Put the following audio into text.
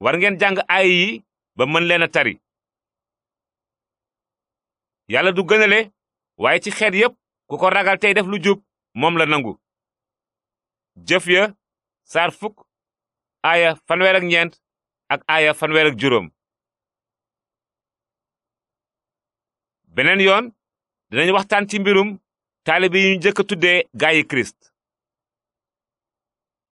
war ngeen jàng aay yi ba mën leen a tari yàlla du gënale waaye ci xeet yépp ku ko ragal tey def lu jub moom la nangu jëf ya saar fukk aaya fanweer ak ñeent ak aaya fanweer juróom beneen yoon dinañ waxtaan ci mbirum taalibe yi ñu njëkk a tuddee gaayi kirist